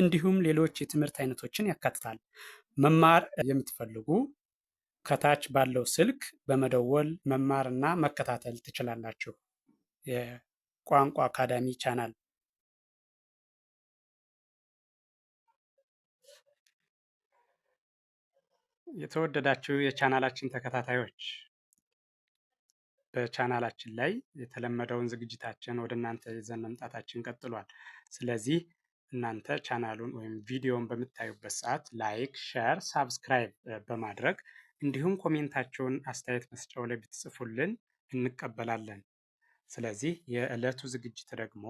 እንዲሁም ሌሎች የትምህርት አይነቶችን ያካትታል። መማር የምትፈልጉ ከታች ባለው ስልክ በመደወል መማርና መከታተል ትችላላችሁ። የቋንቋ አካዳሚ ቻናል የተወደዳችሁ የቻናላችን ተከታታዮች በቻናላችን ላይ የተለመደውን ዝግጅታችን ወደ እናንተ ይዘን መምጣታችን ቀጥሏል። ስለዚህ እናንተ ቻናሉን ወይም ቪዲዮን በምታዩበት ሰዓት ላይክ፣ ሸር፣ ሳብስክራይብ በማድረግ እንዲሁም ኮሜንታቸውን አስተያየት መስጫው ላይ ብትጽፉልን እንቀበላለን። ስለዚህ የዕለቱ ዝግጅት ደግሞ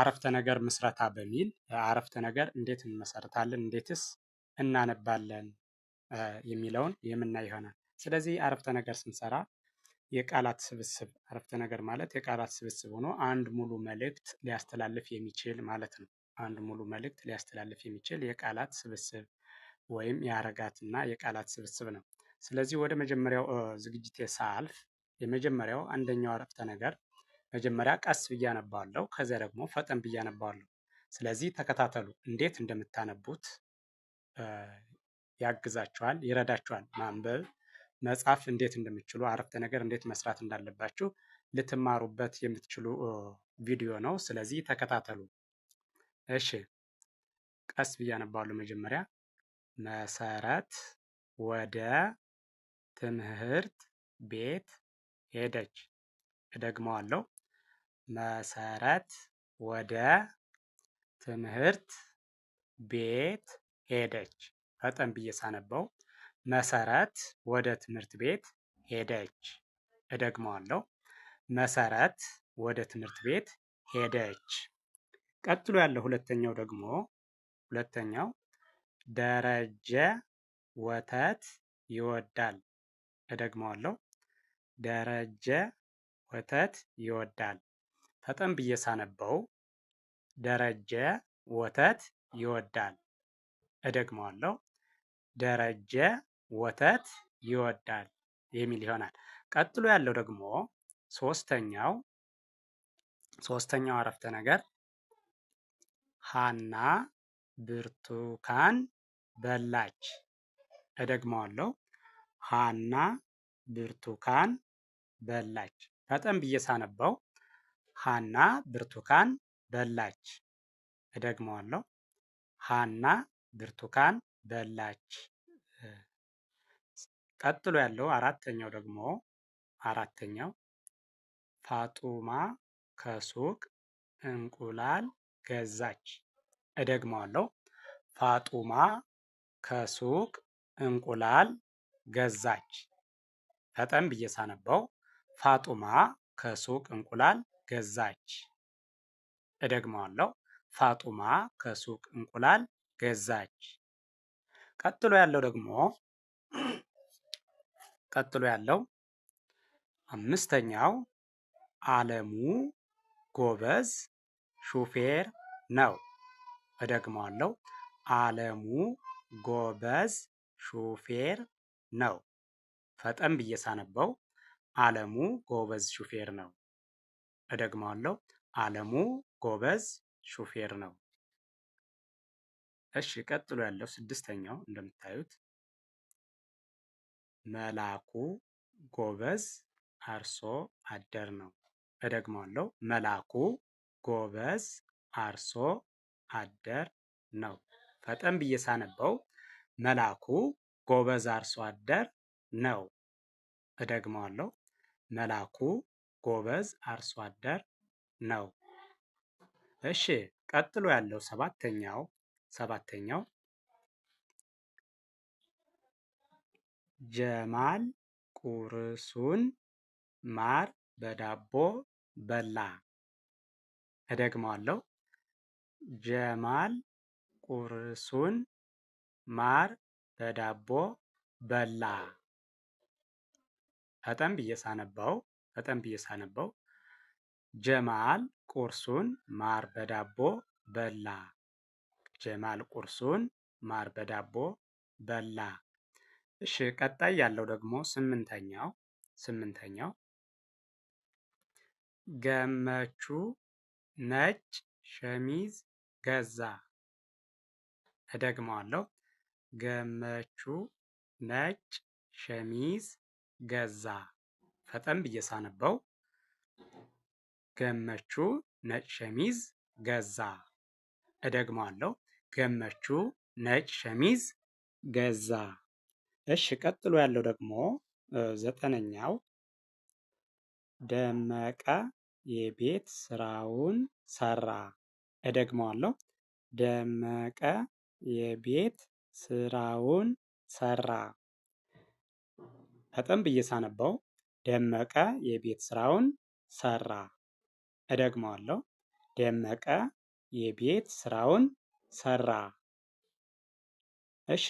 አረፍተ ነገር ምስረታ በሚል አረፍተ ነገር እንዴት እንመሰርታለን፣ እንዴትስ እናነባለን የሚለውን የምናይ ይሆናል። ስለዚህ አረፍተ ነገር ስንሰራ የቃላት ስብስብ አረፍተ ነገር ማለት የቃላት ስብስብ ሆኖ አንድ ሙሉ መልእክት ሊያስተላልፍ የሚችል ማለት ነው። አንድ ሙሉ መልእክት ሊያስተላልፍ የሚችል የቃላት ስብስብ ወይም እና የቃላት ስብስብ ነው። ስለዚህ ወደ መጀመሪያው ዝግጅት ሳልፍ የመጀመሪያው አንደኛው አረፍተ ነገር መጀመሪያ ቀስ ብዬ አነባዋለሁ፣ ከዚያ ደግሞ ፈጠን ብዬ አነባዋለሁ። ስለዚህ ተከታተሉ። እንዴት እንደምታነቡት ያግዛችኋል፣ ይረዳችኋል። ማንበብ መጻፍ እንዴት እንደምችሉ አረፍተ ነገር እንዴት መስራት እንዳለባችሁ ልትማሩበት የምትችሉ ቪዲዮ ነው። ስለዚህ ተከታተሉ። እሺ ቀስ ብዬ አነባለሁ መጀመሪያ መሰረት ወደ ትምህርት ቤት ሄደች። እደግመዋለሁ መሰረት ወደ ትምህርት ቤት ሄደች። ፈጠን ብዬ ሳነበው መሰረት ወደ ትምህርት ቤት ሄደች። እደግመዋለሁ መሰረት ወደ ትምህርት ቤት ሄደች። ቀጥሎ ያለው ሁለተኛው ደግሞ ሁለተኛው ደረጀ ወተት ይወዳል። እደግመዋለሁ። ደረጀ ወተት ይወዳል። ፈጠን ብዬ ሳነበው ደረጀ ወተት ይወዳል። እደግመዋለሁ። ደረጀ ወተት ይወዳል የሚል ይሆናል። ቀጥሎ ያለው ደግሞ ሶስተኛው ሶስተኛው አረፍተ ነገር ሃና ብርቱካን በላች። እደግመዋለሁ። ሃና ብርቱካን በላች። ፈጠን ብዬ ሳነበው ሃና ብርቱካን በላች። እደግመዋለሁ። ሃና ብርቱካን በላች። ቀጥሎ ያለው አራተኛው ደግሞ አራተኛው ፋጡማ ከሱቅ እንቁላል ገዛች። እደግመዋለሁ። ፋጡማ ከሱቅ እንቁላል ገዛች። ፈጠን ብዬ ሳነበው ፋጡማ ከሱቅ እንቁላል ገዛች። እደግመዋለሁ። ፋጡማ ከሱቅ እንቁላል ገዛች። ቀጥሎ ያለው ደግሞ ቀጥሎ ያለው አምስተኛው አለሙ ጎበዝ ሹፌር ነው። እደግመዋለሁ። አለሙ ጎበዝ ሹፌር ነው። ፈጠን ብዬ ሳነበው አለሙ ጎበዝ ሹፌር ነው። እደግመዋለሁ። አለሙ ጎበዝ ሹፌር ነው። እሺ፣ ቀጥሎ ያለው ስድስተኛው እንደምታዩት መላኩ ጎበዝ አርሶ አደር ነው። እደግመዋለሁ። መላኩ ጎበዝ አርሶ አደር ነው። ፈጠን ብዬ ሳነበው መላኩ ጎበዝ አርሶ አደር ነው። እደግመዋለሁ። መላኩ ጎበዝ አርሶ አደር ነው። እሺ ቀጥሎ ያለው ሰባተኛው ሰባተኛው ጀማል ቁርሱን ማር በዳቦ በላ። እደግመዋለሁ። ጀማል ቁርሱን ማር በዳቦ በላ። ፈጠን ብዬ ሳነባው ፈጠን ብዬ ሳነባው ጀማል ቁርሱን ማር በዳቦ በላ። ጀማል ቁርሱን ማር በዳቦ በላ። እሺ ቀጣይ ያለው ደግሞ ስምንተኛው ስምንተኛው ገመቹ ነጭ ሸሚዝ ገዛ። እደግመዋለሁ። ገመቹ ነጭ ሸሚዝ ገዛ። ፈጠን ብዬ ሳነበው ገመቹ ነጭ ሸሚዝ ገዛ። እደግመዋለሁ። ገመቹ ነጭ ሸሚዝ ገዛ። እሺ ቀጥሎ ያለው ደግሞ ዘጠነኛው ደመቀ የቤት ስራውን ሰራ። እደግመዋለሁ ደመቀ የቤት ስራውን ሰራ። ፈጠን ብዬ ሳነበው ደመቀ የቤት ስራውን ሰራ። እደግመዋለሁ ደመቀ የቤት ስራውን ሰራ። እሺ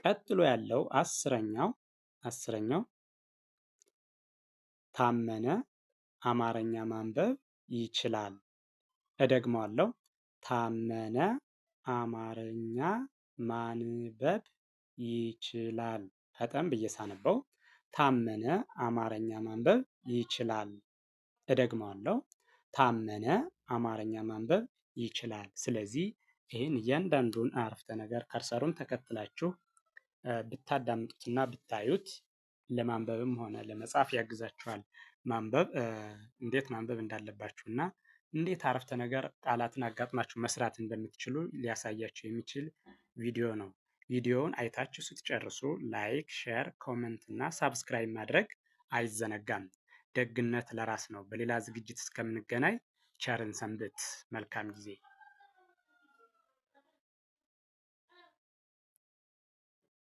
ቀጥሎ ያለው አስረኛው አስረኛው ታመነ አማርኛ ማንበብ ይችላል። እደግመዋለሁ። ታመነ አማርኛ ማንበብ ይችላል። ፈጠን ብዬ ሳነበው ታመነ አማርኛ ማንበብ ይችላል። እደግመዋለሁ። ታመነ አማርኛ ማንበብ ይችላል። ስለዚህ ይህን እያንዳንዱን አረፍተ ነገር ከርሰሩን ተከትላችሁ ብታዳምጡትና ብታዩት ለማንበብም ሆነ ለመጻፍ ያግዛችኋል። ማንበብ እንዴት ማንበብ እንዳለባችሁና እንዴት አረፍተ ነገር ቃላትን አጋጥማችሁ መስራት እንደምትችሉ ሊያሳያችሁ የሚችል ቪዲዮ ነው። ቪዲዮውን አይታችሁ ስትጨርሱ ላይክ፣ ሼር፣ ኮመንት እና ሳብስክራይብ ማድረግ አይዘነጋም። ደግነት ለራስ ነው። በሌላ ዝግጅት እስከምንገናኝ ቸርን ሰንብት። መልካም ጊዜ